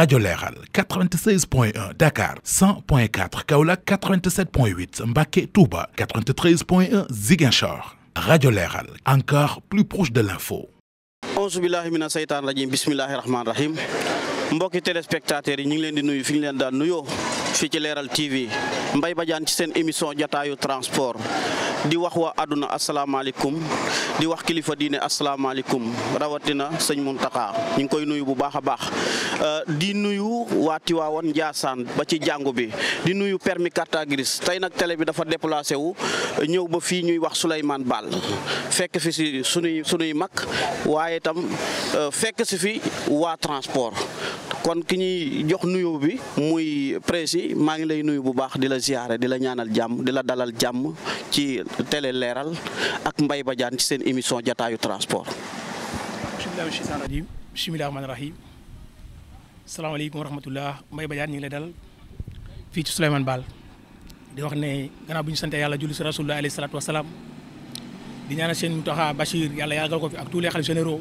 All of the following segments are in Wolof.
rajo Leral 96.1 Dakar 100.4 Kaolack 87.8 Mbacké Touba 93.1 Ziguinchor rajo Leral encore plus proche de l'info. auzu billaahi mina seytaani rajiim bismillaahi rahmaani rahiim mbokki téléspectateurs yi ñu ngi leen di nuyu fi ñu leen daan nuyoo. fii ci leeral TV Mbaye Badiane ci seen émission jataayu transport di wax waa àdduna asalaamaaleykum di wax kilifa diine asalaamaaleykum rawatina sëñ Muntaxa ñu ngi koy nuyu bu baax a baax euh, di nuyu waa Tiwaawan Njaasaan ba ci jàngu bi di nuyu permis carte grise tey nag télé bi dafa déplacé wu ñëw ba fii ñuy wax Souleymane Baal fekk si sunuy sunuy mag waaye itam euh, fekk si fi waa transport kon ki ñuy jox nuyoo bi muy presse maa ngi lay nuyu bu baax di la ziyaare di la ñaanal jàmm di la dalal jàmm ci télé leeral ak mbay Badiane ci seen émission jataayu transport. bismillaahi rahmaani rahiim salaamaaleykum wa rahmatullah mbay Badiane ñu ngi lay dal fii ci Souleymane Baal di wax ne gannaaw buñ ñu sante yàlla julli si rasulullah alayhi salaatu salaam di ñaanal seen Mountakha Bachir yàlla yàggal ko fi ak tous les xalifes généraux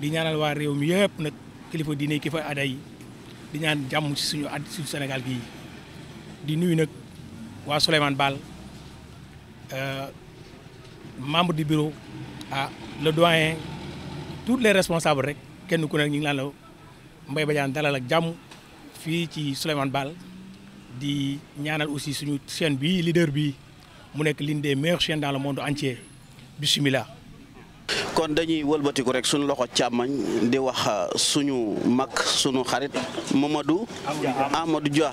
di ñaanal waa réew mi yëpp kilifa diine ki fa aada di ñaan jàmm ci suñu at suñu Sénégal gii di nuyu nag waa Souleymane Baal euh, membre di bureau ah le doyen tous les responsables rek kenn ku ne ñu ngi mbay la dalal ak jàmm fii ci Souleymane Baal di ñaanal aussi suñu chaîne bi leader bi mu nekk l'une des meilleures chaînes dans le monde entier bisimilah. kon dañuy wëlbatiku rek suñu loxo càmmañ di wax uh, suñu mag suñu xarit Mamadou Amadou Dia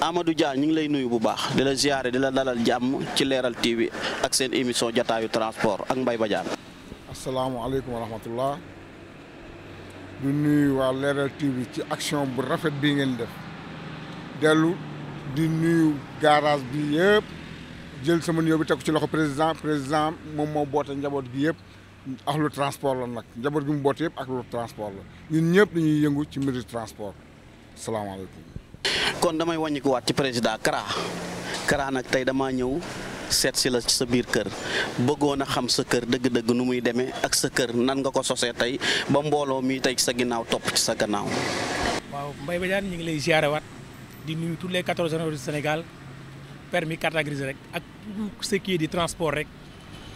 amadu Dia ñu ngi lay nuyu bu baax di la ziare la dalal jàmm ci leeral TV ak seen émission jataayu transport ak mbay Mbaye Badiane asalaamualeykum wa rahmatullah du nuyu waa Leral TV ci action bu rafet bii ngeen def dellu di nuyu garage bi yëpp jël sama nuyoo bi teg ci loxo président président moom moo boote njaboot bi yëpp ak lu transport la nag njaboot gi mu boot yëpp ak lu transport la ñun ñëpp dañuy yëngu ci mbiru transport salaamaaleykum. kon damay wàññikuwaat ci président Kara Kara nag tey damaa ñëw. seet si la ci sa biir kër bëggoon a xam sa kër dëgg-dëgg nu muy demee ak sa kër nan nga ko sosee tey ba mbooloo mi tey ci sa ginnaaw topp ci sa gannaaw. waaw mbay Mbaye Badiane ñu ngi lay ziarewaat di nuyu tous les quatorze régions du Sénégal permis carte grise rek ak ce qui est transport rek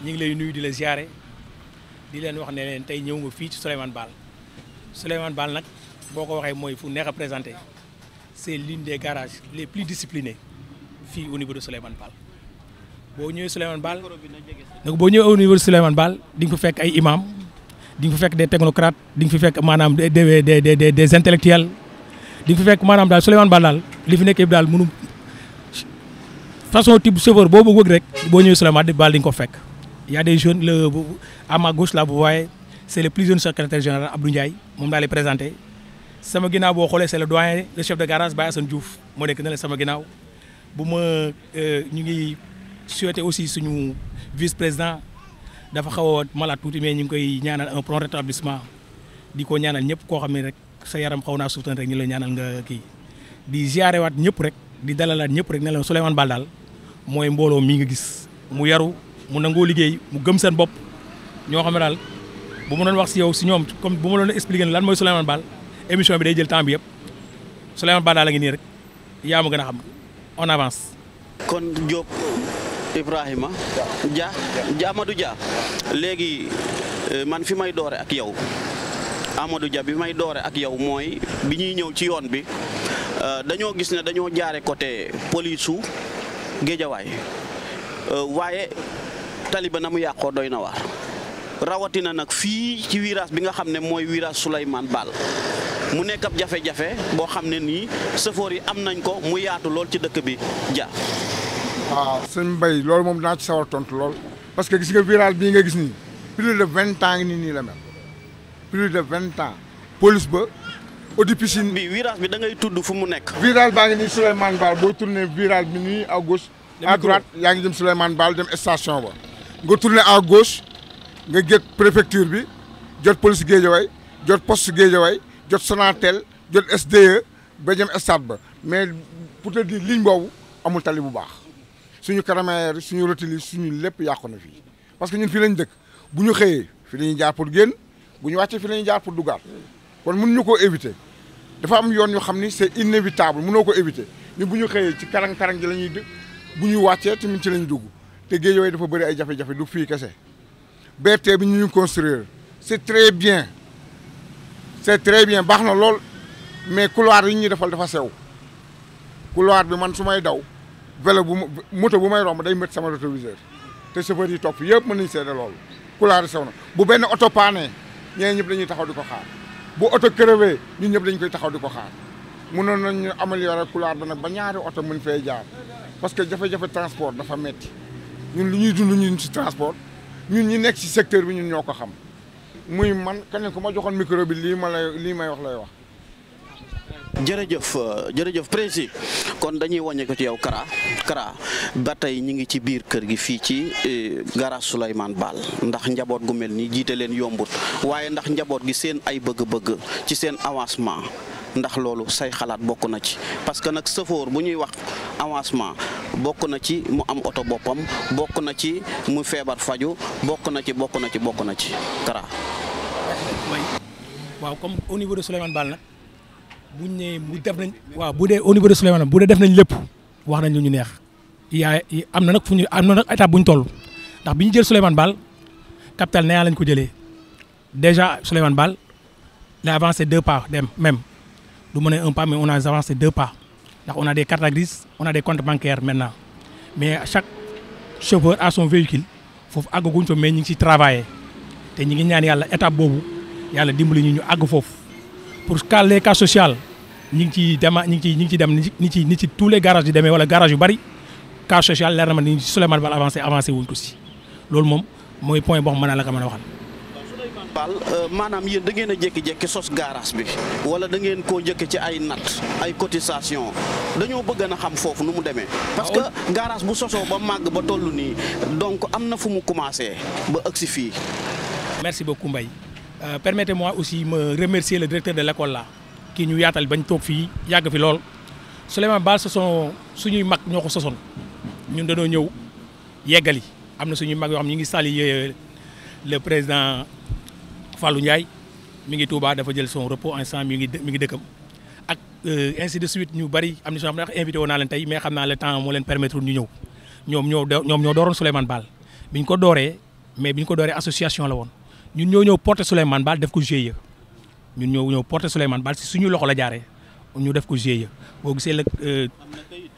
ñu ngi lay nuyu di la ziare di leen wax ne leen tey ñëw nga fii ci Souleymane Baal Souleymane Baal nag boo ko waxee mooy fu neex a présenté c'est l'une des garages les plus disciplinés fii au niveau de Souleymane Baal boo ñëwee Souleymane Baal donc boo ñëwee au niveau de Souleymane Baal di nga fa fekk ay imam di nga fa fekk des technocrates di nga fa fekk maanaam des des des des intellectuels di nga fa fekk maanaam daal Souleymane Baal daal li fi nekk yëpp daal mënu façon type chauffeur boo bëgg rek boo ñëwee Souleymane Baal di nga ko fekk. y a des jeunes le à ma gauche là bu waaye c' est le plus jeune secrétaire général Abdou Ndiaye moom daal di présenté sama ginnaaw boo xoolee c' est le doyen le chef de garage Baye Assane Diouf moo nekk na la sama ginnaaw bu ma euh, ñu ngi souhaité aussi suñu vice président dafa xaw a malade tuuti mais ñu ngi koy ñaanal un prompt rétablissement di ko ñaanal ñëpp koo xam ne rek sa yaram xaw naa suuftan rek ñu la ñaanal nga kii di ziarewaat ñëpp rek di dalalaat ñëpp rek ne la Souleymane Bal daal mooy mbooloo mii nga gis mu yaru mu nangoo liggéey mu gëm seen bopp ñoo xam ne daal bu ma doon wax si yow si ñoom comme bu ma doon expliquer lan mooy Souleymane Baal émission bi day jël temps bi yëpp Souleymane Baal daal la ngi nii rek yaa ma gën a xam on avance. kon Diop Ibrahima. jaa Dia Amadou Dia. léegi euh, man fi may doore ak yow Amadou Dia bi may doore ak yow mooy bi ñuy ñëw ci yoon bi euh, dañoo gis ne dañoo jaare côté polisu Géejawaay euh, waaye. taliba na mu yàqoo doy na waar rawatina nag fii ci virage bi nga xam ne mooy virage Souleymane Baal mu nekk ab jafe-jafe boo xam ne nii sëfoor yi am nañ ko mu yaatu lool ci dëkk bi ja waaw sëñ Mbaye loolu moom dinaa ci sawar tontu lool parce que gis nga virage bii nga gis nii plus de vingt ans nii nii la mel plus de vingt ans police ba audi piscine bi virage bi da ngay tudd fu mu nekk virage baa ngi nii Souleymane Baal boo tourné virage bi nii à gauche à droite yaa ngi jëm Souleymane Baal dem station ba nga tourner à gos nga jot préfecture bi jot police Guédiawaye jot poste Guédiawaye jot Sonatel jot SDE ba jëm stade ba mais pour te dire ligne boobu amul tali bu baax suñu caramère suñu rotili suñu lépp yàqu na fii parce que ñun fii lañ dëkk bu ñu xëyee fi la ñuy jaar pour génn bu ñu wàccee fi la ñuy jaar pour duggaat kon mun ñu ko éviter dafa am yoon yoo xam ni c'est inévitable mënoo ko éviter ñun bu ñu xëyee ci karang-karang ji la ñuy bu ñu wàccee tamit ci la ñu dugg te Guédiawaye dafa bëri ay jafe-jafe du fii kese BRT bi ñu ñu construire c'est très bien c'est très bien baax na lool mais couloir yi ñuy defal dafa sew couloir bi man su may daw vélo bu moto bu may romb day mét sama rétroviseur te chauffeur yi topp yëpp mën nañu seede lool couloir yi sew na bu benn oto paanee ñeneen ñëpp dañuy taxaw di ko xaar oto crevé ñun ñëpp dañ koy taxaw di ko xaar na nañu améliorer couloir bi nag ba ñaari oto mën fee jaar parce que jafe-jafe transport dafa metti ñun lu ñuy dund ñun ci transport ñun ñi nekk ci secteur bi ñun ñoo ko xam muy man keneen ku ma joxoon micro bi lii ma lii may wax lay wax. jërëjëf jërëjëf président kon dañuy wàññi ko ci yow Kara Kara ba tey ñu ngi ci biir kër gi fii ci eh, garage Souleymane Baal ndax njaboot gu mel nii jiite leen yombut waaye ndax njaboot gi seen ay bëgg-bëgg ci seen avancement. ndax loolu say xalaat bokk na ci parce que nag sëfoor bu ñuy wax avancement bokk na ci mu am oto boppam bokk na ci mu feebar faju bokk na ci bokk na ci bokk na ci Kara. waaw comme au niveau de Souleymane Bal na bu ñu nee bu def nañ. waaw bu dee au niveau de Souleymane bu dee def nañ lépp wax nañ lu ñu neex yaa am na nag fu ñu am na nag étape bu ñu toll ndax bi ñu jël Souleymane Bal capital nee lañ ko jëlee déjà Souleymane Bal la avancé deux pas dem même. du mener un pas mais on a avancé deux pas ndax on a des cartes grises on a des comptes bancaires maintenant mais chaque chauffeur a véhicule foofu àggaguñ fa mais ñu ngi ciy travailler te ñu ngi ñaan yàlla étape boobu yàlla dimbali ñu ñu àgg foofu pour cas les cas social ñu ngi ciy dema ñu ngi ciy ñu ngi ciy dem ni ci ni ci tous les garages yu demee wala garage yu bari cas social leer na ma ni Souleymane Bal avancé avancé wuñ ko si loolu moom mooy point boo xam mën naa la ko mën a waxal baal euh, maanaam yéen da ngeen a jékki-jékki sos garage bi wala da ngeen koo njëkk ci ay nat ay cotisation dañoo bëgg na xam foofu nu mu demee parce que ah garage bu sosoo ba màgg ba toll nii donc am na fu mu commencé ba ëgsi fii merci beaucoup Mbaye euh, permettez-moi aussi me remercier le directeur de l'école là kii ñu yaatal bañ toog fii yàgg fi lool Souleymane Baal sosoon suñuy mag ñoo ko sosoon ñun dañoo ñëw yeggali am na suñuy mag yoo xam ñu ngi sali Fallou Ndiaye mi ngi Touba dafa jël son repos instant mi ngi dëkkam ak euh, ainsi de suite ñu bari am na si xam ne mais xam naa le temps moo leen permettre ñu ñëw ñoom ñoo ñoom ñoo dooroon Souleymane Baal bi ñu ko dooree mais bi ñu ko dooree association la woon ñun ñoo ñëw porté Souleymane Baal def ko GIE ñun ñoo ñëw porté si suñu loxo la jaaree ñu def ko GIE boo gisee la euh,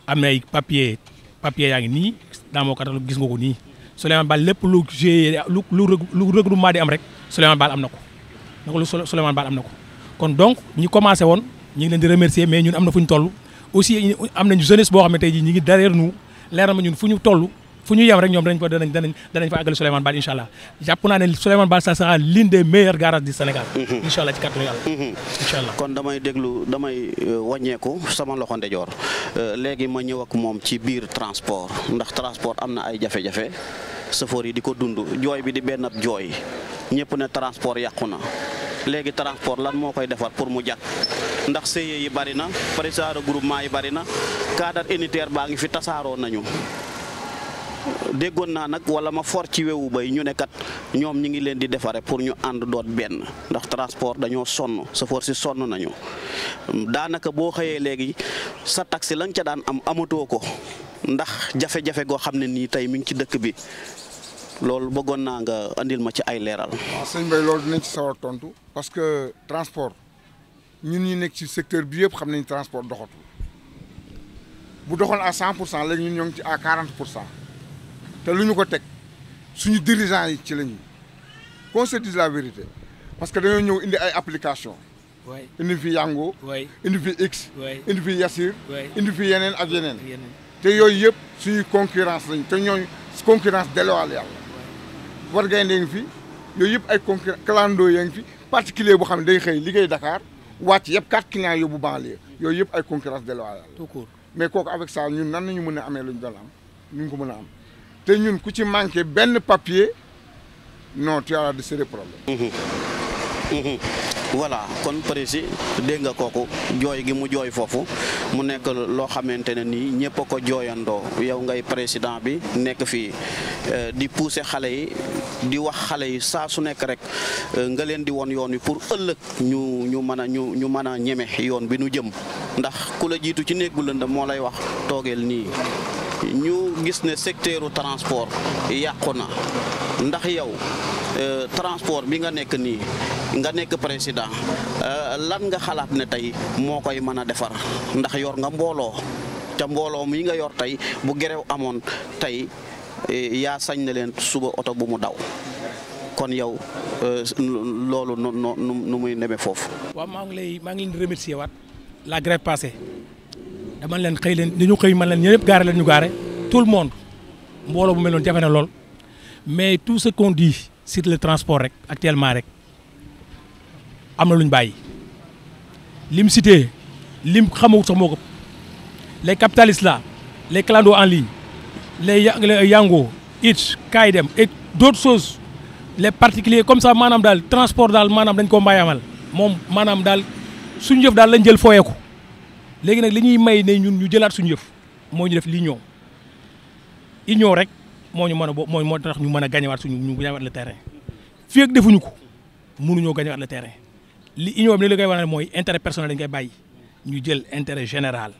am na ay papier papier yaa ngi nii dans mon catalogue gis nga ko nii Souleymane Baal lépp lu GIE lu lu regroupement di am rek. Souleymane Baal am na ko naka Souleymane Baal am na ko kon donc ñi commencé woon ñu ngi leen di remercier mais ñun am na fu ñu toll aussi am nañu jeunesse boo xam ne tey jii ñu ngi derrière nous leer na ñun fu ñu toll fu ñu yem rek ñoom danañ fa danañ danañ danañ fa àggale Souleymane Baal incha allah jàpp naa ne Souleymane Baal ça sera l'une des meilleures garages du Sénégal. Mm-hmm. incha allah ci kàttanu yàlla. Mm-hmm. kon damay déglu damay euh, wàññeeku sama loxo ndejoor euh, léegi ma ñëw ak moom ci biir transport ndax am na ay jafe-jafe safoor yi di ko dund jooy bi di benn ab jooy. ñëpp ne transport yàqu na léegi transport lan moo koy defar pour mu jàkk ndax CIE yi bari na président regroupement yi bari na cadre unitaire baa ngi fi tasaaroo nañu déggoon naa nag wala ma for ci wewu bay ñu nekkat ñoom ñi ngi leen di defare pour ñu ànd doon benn ndax transport dañoo sonn sa for si sonn nañu daanaka boo xëyee léegi sa taxi lañ ca daan am amatoo ko ndax jafe-jafe goo xam ne nii tey mi ngi ci dëkk bi loolu bëggoon naa nga andil ma ci ay leeral. waaw sëñ Mbaye loolu dinañ ci sawar tontu parce que transport ñun ñi nekk ci secteur bi yëpp xam nañ transport doxatul bu doxoon à cent pour cent léegi ñun ñoo ci à quarante pour cent te lu ñu ko teg suñu dirigeants yi ci lañuy ñu parce que dañoo ñëw indi ay application indi fi Yango. indi fi X. indi fi Yassir. indi fi yeneen ak yeneen. te yooyu yëpp suñuy concurrence lañ te ñooñu concurrence déloyale yàlla. war gaynde ngi fi yooyu yëpp ay concurrent clando yaa ngi fi particulier bu xam ne day xëy liggéey Dakar wàcc yëpp quatre clients yóbbu banlieue yooyu yëpp ay concurrence déloyale tout court mais kooku avec ça ñun nan nañu mën a amee lu ñu doon am ñu ngi ko mën a am te ñun ku ci manqué benn papier non tu as de sérieux problème voilà kon prési dégg nga kooku jooy gi mu jooy foofu mu nekk loo xamante ne nii ñëpp a ko jooyandoo yow ngay président bi nekk fii euh, di pousser xale yi di wax xale yi saa su nekk rek euh, nga leen di won yoon wi pour ëllëg ñu ñu mën a ñu ñu mën a ñeme yoon bi nu jëm ndax ku la jiitu ci néeg bu moo lay wax toogeel nii ñu gis ne secteuru transport yàqu na ndax yow euh, transport bi nga nekk nii nga nekk président tax euh, lan nga xalaat ne tey moo koy mën a defar ndax yor nga mbooloo ca mbooloo mi nga yor tey bu gerew amoon tey eh, yaa sañ ne leen suba oto bu mu daw kon yow euh, loolu nu nu muy demee foofu. waaw maa ngi lay maa ngi leen di waat la grève passée dama leen xëy leen ñu xëy ma leen ñëpp gaare leen ñu gaare tout le monde mbooloo bu mel noonu jafe na lool mais tout ce qu'on dit sur le transport rek actuellement rek am na lu ñu bàyyi lim cité lim xamawut sax moo ko les capitalistes là les clando en ligne les yango it kaay dem et d'autres choses les particuliers comme ça maanaam daal transport daal maanaam dañ koo mbayamal moom maanaam daal suñ jëf daal lañu jël fooyeeku léegi nag li ñuy may ne ñun ñu jëlaat suñu yëf moo ñu def l'union union rek moo ñu mën a moo moo tax ñu mën a gañewaat suñu ñu gañewaat le terrain fii defuñu ko mënuñoo gañewaat le terrain li union bi ni li koy waral mooy intérêt personnel dañ koy bàyyi ñu jël intérêt général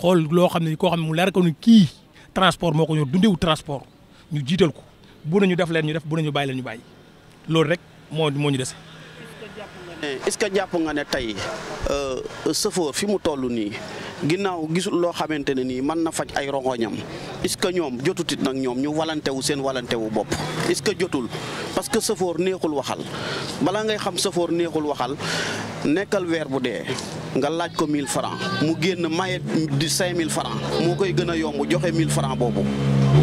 xool loo xam ne koo xam ne mu leer ko ni kii transport moo ko ñor dundewu transport ñu jiital ko bu ñu def leen ñu def bu nañu bàyyi leen ñu bàyyi loolu rek moo moo ñu dese. est-ce que jàpp nga ne tey sëfoo euh, fi mu toll nii. ginnaaw gisul loo xamante ne nii mën na faj ay rongoñam est-ce que ñoom jotutit nag ñoom ñu walantewu seen walantewu bopp est-ce que jotul parce que safoor neexul waxal balaa ngay xam safoor neexul waxal nekkal weer bu dee nga laaj ko 1000 francs mu génn maye di 5000 francs moo koy gën a yomb joxe 1000 francs boobu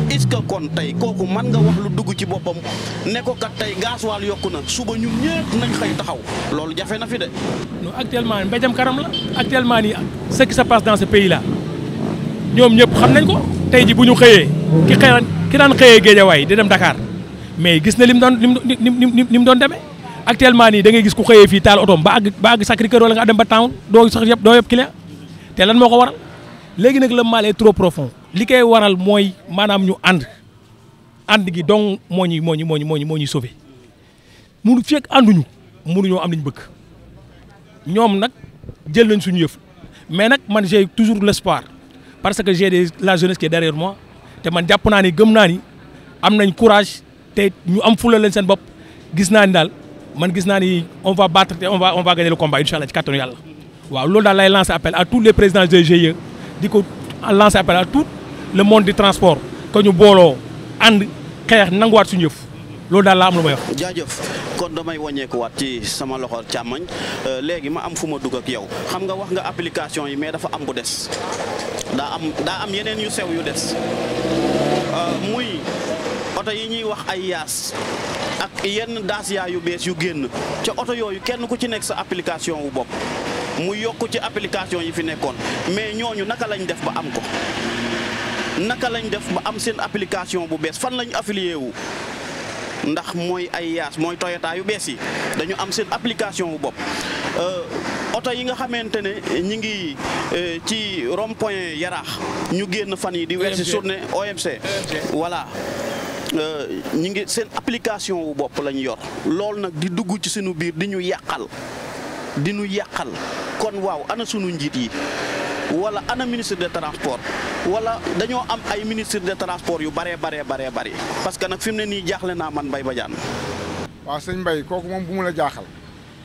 est-ce kon tey kooku mën nga wax lu dugg ci boppam ne ko kat tey gasoil yokku na suba ñu ñëpp nañ xëy taxaw loolu jafe na fi de. non actuellement mbéjam karam la actuellement nii ce qui se passe dans ce pays là ñoom ñëpp xam nañ ko tey ji bu ñu xëyee ki xëy ki daan xëyee Géejawaay di dem Dakar mais gis na lim doon lim mu doon demee actuellement nii da ngay gis ku xëyee fii taal otoom ba àgg ba àgg Sacré-Cœur wala nga dem ba town doo sax yëpp doo yëpp client te lan moo léegi nag le mal est trop profond li koy waral mooy maanaam ñu ànd ànd gi dong moo ñu moo ñu moo ñu moo ñu moo ñu sauvé munu fekk ànduñu munuñoo am li ñu bëgg ñoom nag jël nañ suñu yëf mais nag man j'ai toujours l'espoir parce que j'ai des la jeunesse qui est derrière moi te man jàpp naa ni gëm naa ni am nañ courage te ñu am fula leen seen bopp gis naa ni daal man gis naa ni on va battre te on va on va gagner le combat incha allah ci kàttanu yàlla waaw loolu daal lay lancer appel à tous les présidents des GIE di ko lancer appel à tout le monde du transport que ñu booloo ànd xeex nanguwaat suñu loolu daal laa am lu may wax. jaajëf kon damay wàññeekuwaat ci sama loxo càmmañ euh, léegi ma am fu ma dugg ak yow xam nga wax nga application yi mais dafa am bu des daa am daa am yeneen yu sew yu des euh, muy oto yi ñuy wax ay yaas. ak yenn daas yaa yu bees yu génn ca oto yooyu kenn ku ci nekk sa application wu bopp mu yokk ci application yi fi nekkoon mais ñooñu naka lañ def ba am ko naka lañ def ba am seen application bu bees fan lañu affilié wu ndax mooy ay yaas mooy Toyota yu bees yi dañu am seen application bu bopp euh, oto yi nga xamante ne ñi ngi euh, ci rond point ñu génn fan yi di weer si journée OMC euh, ngi seen application wu bopp lañ yor loolu nag di dugg ci seenu biir di ñu yàqal di nu yàqal kon waaw ana sunu njiit yi wala ana ministre de transport wala dañoo am ay ministre de transport yu baree bare baree bari parce que nag fi ne nii jaaxle naa man Mbaye Badiane waaw sëñ Mbaye kooku moom bu mu la jaaxal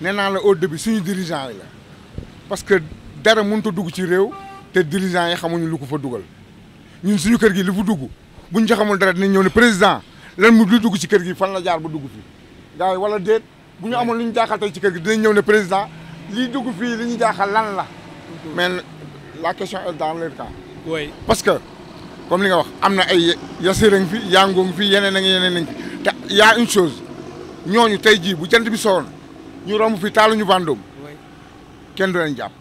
nee naa la au début suñu dirigeant yi la parce que dara mënut a dugg ci réew te dirigeant yi xamuñu lu ko fa dugal ñun suñu kër gi li fu dugg buñ joxamul dara dinañ ñëw ne président lan mu lu dugg ci kër gi fan la jaar ba dugg fi gars wala bu ñu amoon lu ñu jaaxal tey ci kër gi dinañ ñëw ne président lii dugg fii li ñu jaaxal lan la. mais la question est dans leur cas. oui parce que comme li nga wax am na ay yasira ngi fi yaangoo ngi fi yeneen ak yeneen nañ fi chose ñooñu tey jii bu jant bi sowoon ñu romb fii taaluñu ñu kenn du leen jàpp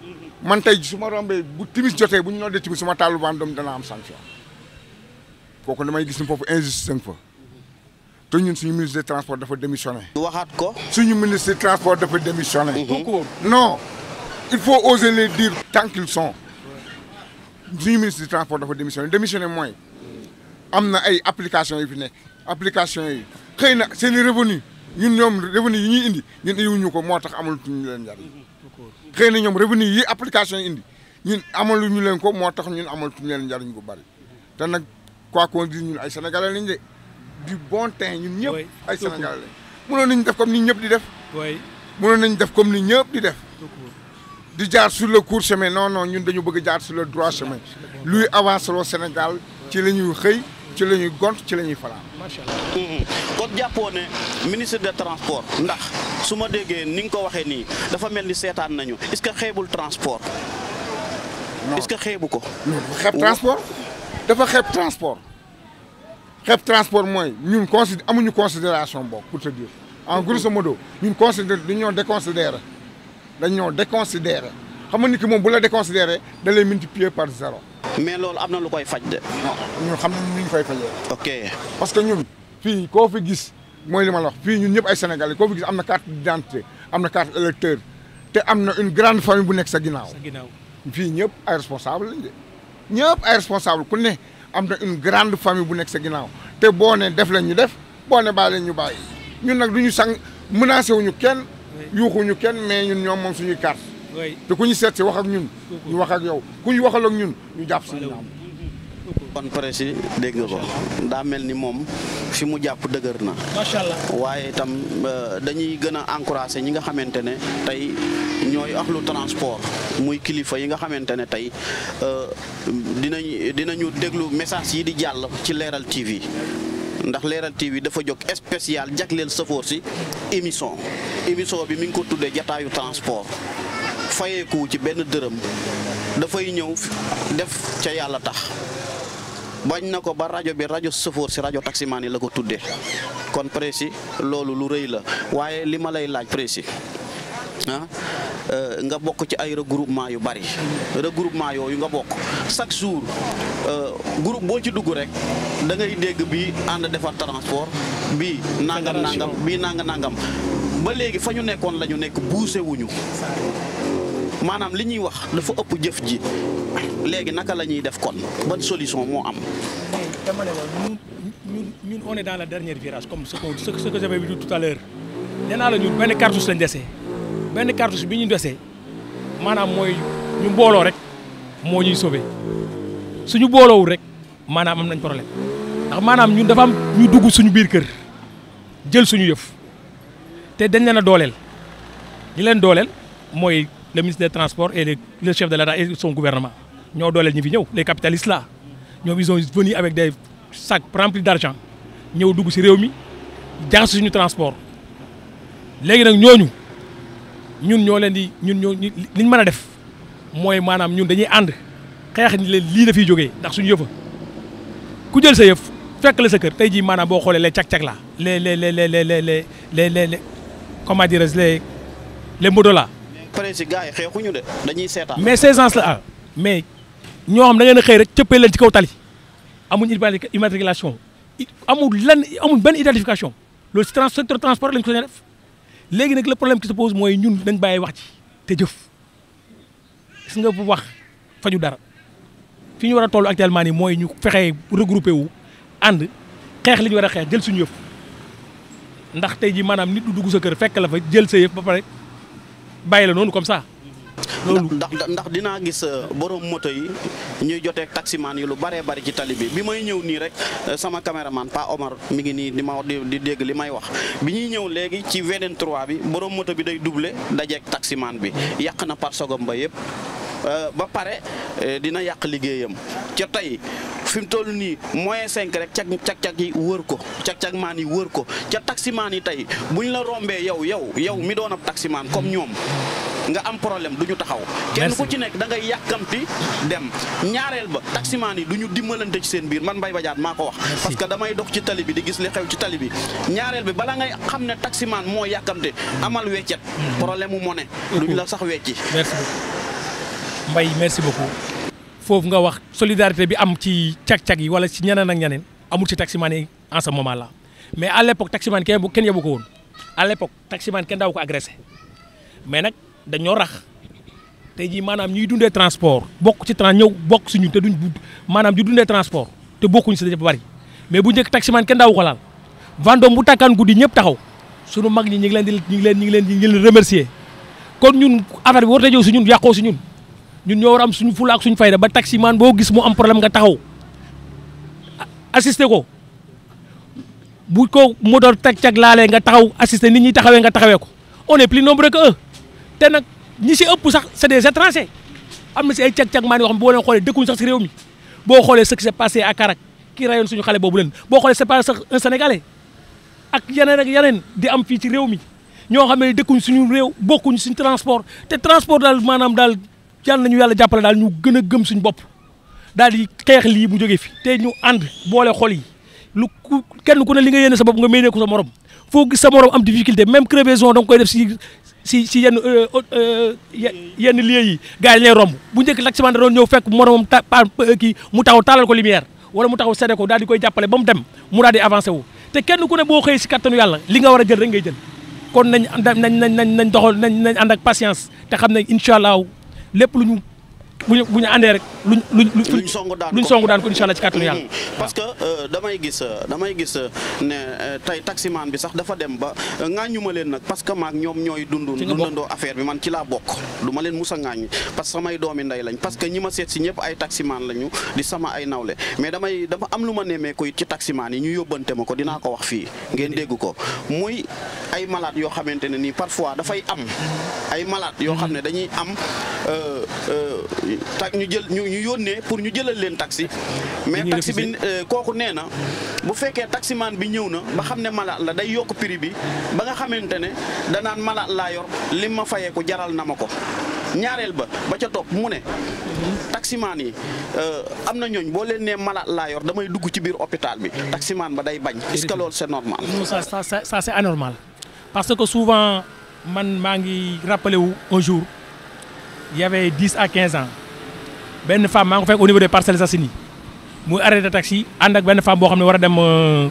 man tey ji su ma rombee bu timis jotee bu ñu noddee timis su ma taalu Vendôme dana am sanction kooku damay gis ne foofu injustice fa. te ñun suñu ministre des transports dafa démissionné. waxaat ko. suñu ministre des transports dafa démissionné. Mhm. non il faut oser les dire tant son sont suñu ministre des transports dafa démissionné démissionné mooy am na ay application yi fi nekk application yi xëy na seen i revenu ñun ñoom revenu yi ñuy indi ñun ko moo tax amaluñu leen njariñ mhm. xëy na ñoom revenu yi application yi ñun amaluñu leen ko moo tax ñun amaluñu leen njariñ bu bari te nag quoi qu'on dise ay sénégalais lañ de. du bon teint ñun ñëpp. ay Sénégalais lañ mënoon nañ def comme ni ñëpp di def. oui mënoon nañ def comme ni ñëpp di def. di jaar sur le court chemin non non ñun dañu bëgg jaar sur le droit chemin luy avancer Sénégal ci la ñuy xëy ci la ñuy gont ci la ñuy fanaan. macha allah. Mmh. kon jàppoo ne ministre de transport ndax su ma déggee ni nga ko waxee nii dafa mel ni seetaan nañu est-ce que xeebul transport. non que xeebu ko. xeeb transport dafa xeeb transport. xeeb transport mooy ñun consi amuñu considération bokk pour te dire en grosso modo ñun considéré dañoo déconsidéré dañoo déconsidéré xam nga nit ki moom bu la déconsidéré da lay multiplier par zéro. mais loolu am na lu koy faj de. ñun xam nañ ni ñu koy fajee. ok parce que ñun fii koo fi gis mooy li ma la wax ñun ñëpp ay sénégalais koo fi gis am na carte d'identité am na carte électeur te am na une grande famille bu nekk sa ginnaaw. sa ginnaaw fii ñëpp ay responsable lañ de ay responsable ku ne. am na une grande famille bu nekk sa ginnaaw te boo def leen ñu def boo ne bàyyi leen ñu bàyyi ñun nag du ñu sang menacé wuñu kenn. yuuxuñu kenn mais ñun ñoom moom suñuy carte. te ku ñu seet si wax ak ñun. ñu wax ak yow ku ñu waxal ñun ñu jàpp suñu naam. kon presse yi dégg ko daa mel ni moom fi mu jàpp dëgër na. macha allah waaye itam euh, dañuy gën a encouragé ñi nga xamante ne tey ñooy axlu transport muy kilifa yi nga xamante ne tey euh, dinañ dinañu déglu message yi di jàll ci leeral TV. ndax leeral TV dafa jóg spécial jagleel safoor si émission émission bi mi ngi ko tuddee jataayu transport fayeeku ci benn dërëm dafay ñëw def ca yàlla tax bañ na ko ba rajo bi rajo sëfoor si rajo taximaan yi la ko tuddee kon précis loolu lu rëy la waaye li ma lay laaj précis ah euh, nga bokk ci ay regroupement yu bari groupement yooyu nga bokk chaque jour euh, groupe boo ci dugg rek da ngay dégg bii ànd defar transport bi nangam nangam bii nangam nangam ba léegi fa ñu nekkoon la ñu nekk buuse wuñu maanaam li ñuy wax dafa ëpp jëf ji léegi naka la ñuy def kon ban solution moo am. dama ne woon ñun ñun on est dans la dernière virage comme ce que ce que j'avais vu tout à l'heure nee naa la ñun benn cartouche lañ dese benn cartouche bi ñu dese maanaam mooy ñu mbooloo rek moo ñuy sauver suñu booloowul rek maanaam am nañ problème ndax maanaam ñun dafa am ñu dugg suñu biir kër jël suñu yëf te dañ leen a dooleel ñi leen dooleel mooy. le ministre des transports et les, le chef de l'État et son gouvernement ñoo dooleel ñi fi ñëw les capitalistes là ñoom ils sont venus avec des sacs remplis d'argent ñëw dugg si réew mi jaxas suñu transport léegi nag ñooñu ñun ñoo leen di ñun ñoo li ñu mën a def mooy maanaam ñun dañuy ànd xeex ni leen lii la fiy jógee ndax suñu yëfa ku jël sa yëf fekk la sa kër tey jii maanaam boo xoolee les cag-cag la les le le le les les les les comment dirais-je les les modola pare si gars yi xeexuñu de dañuy seetaan. mais ces gens là ah, mais ñoo xam da ngeen a xëy rek cëppee leen ci kaw tali amuñ immatriculation amul lan amul benn identification loolu si trans secteur transport lañ ko sañ a def léegi nag la problème qui se pose mooy ñun dañ bàyyi wax ci te jëf si nga bu wax faju dara fi ñu war a toll actuellement nii mooy ñu fexe regroupé wu ànd xeex li ñu war a xeex jël suñu yëf ndax te ji maanaam nit du dugg sa kër fekk la fa jël sa yëf ba pare. bàyyi la noonu comme ça. ndax ndax dinaa gis euh, borom moto yi ñuy joteeg taximaan yi lu baree bari ci tali bi bi may ñëw nii rek euh, sama caméraman Pa Omar mi ngi nii di ma di dégg li may wax bi ñuy ñëw léegi ci VDN 3 bi borom moto bi day duble dajeeg taximaan bi yàq na par sogom ba yëpp. Euh, ba pare euh, dina yàq liggéeyam ca tey fi mu toll nii moyen cinq rek cag cag-cag yi wër ko cag-cag maan yi wër ko ca taximaan yi tey bu ñu la rombee yow yow yow mi doon ab taximaan comme ñoom nga am problème du ñu taxaw kenn ku ci nekk da ngay yàkkamti dem ñaareel ba taximaan yi du ñu dimbalante ci seen biir man Mbaye Badiane maa ko wax parce que damay dog ci tali bi di gis li xew ci tali bi ñaareel bi bala ngay xam ne taximaan moo yàkkamte amal weccet hmm. problème mu mo ne duñu la sax wecci Mbaye merci beaucoup foofu nga wax solidarité bi am ci cag-cag yi wala ci ñeneen ak ñeneen amul ci taximan yi en ce moment la mais à l'époque taximan kenn bu kenn yabu ko woon à l'époque taximan kenn daaw ko agressé mais nag dañoo rax te jii maanaam ñuy dundee transport bokk ci trans ñëw bokk suñu te duñ maanaam di dundee transport te bokkuñ si dafa bari mais bu njëkk taximan kenn daawu ko laal vendôme bu tàkkaan guddi ñëpp taxaw sunu mag ñi ñu ngi leen di ñu ngi leen ñu ngi leen di remercier kon ñun affaire bi warut a ñëw si ñun yàqoo si ñun ñun ñoo war am suñu fula ak suñu fayda ba si taximaan boo gis mu am problème nga taxaw assisté ko bu ko motor cag cak laale nga taxaw assisté nit ñi taxawee nga taxawee ko on est plus nombreux que te nag ñi si ëpp sax c'est des étrangers am na si ay cag-cag maan yoo xam boo leen xoolee dëkkuñ sax si réew mi boo xoolee ce qui s'est passé à Karak ki rayoon suñu xale boobu leen boo xoolee c'est pas sax un ak yeneen ak yeneen di am fii ci réew mi ñoo xam ne dëkkuñ suñu réew bokkuñ suñu transport te transport maanaam daal yàlla nañu yàlla jàppale daal ñu gën a gëm suñu bopp daal di xeex lii bu jógee fi te ñu ànd boole xol yi lu ku kenn ku ne li nga yéene sa bopp nga méenee ko sa morom foo gis sa morom am difficulté même crevaison da nga koy def si si si yenn euh, euh, yenn lieux yi gars yi lay romb bu njëkk l'accident da doon ñëw fekk moromam ta euh, kii mu taxaw taalal ko lumière wala mu taxaw sede ko daal di koy jàppale ba mu dem mu daal di avancé wu te kenn ku ne boo xëyee si kattanu yàlla li nga war a jël rek ngay jël kon nañ nañ nañ nañ nañ doxal nañ nañ ànd ak te xam ne incha allah lépp lu ñu bu ñu bu ñu àndee rek luñ luñ luñ songu daan ko luñ songu daan ko incha ci kàttanu yàlla. Mm-hmm. parce que euh, damay gis euh, damay gis euh, ne tey taximaan bi sax dafa dem ba ŋaañu ma leen nag parce que maak ñoom ñooy dundu dund. dundandoo affaire bi man ci laa bokk. du ma leen mus a parce que samay doomi ndey lañ parce que ñi ma seet si ñëpp ay taximaan lañu di sama ay nawle mais damay dama am lu ma nemmee ko it ci taximaan yi ñu yóbbante ma ko dinaa ko wax fii ngeen dégg ko muy ay malaat yoo xamante ne nii parfois dafay am ay malade yoo xam ne dañuy am. tak ñu jël ñu ñu yónnee pour ñu jëlal leen taxi. mais taxi bi euh, kooku nee na bu fekkee taximaan bi ñëw na ba xam ne malaat la day yokk prix bi ba nga xamante ne danaan malaat laa yor lim ma fayee ko jaral na ma ko. ñaareel ba ba ca topp mu ne taximaan yi euh, am na ñooñ boo leen nee malade laa yor damay dugg ci biir hôpital bi taximaan ba day bañ est-ce que loolu c'est normal ça ça c'est anormal parce que souvent man maa ngi rappelé wu un jour il y avait dix à quinze ans benn femme maa ngi ko fekk au niveau des Parcelles Assainies muy arrêté taxi ànd ak benn femme boo xam ne war a dem euh,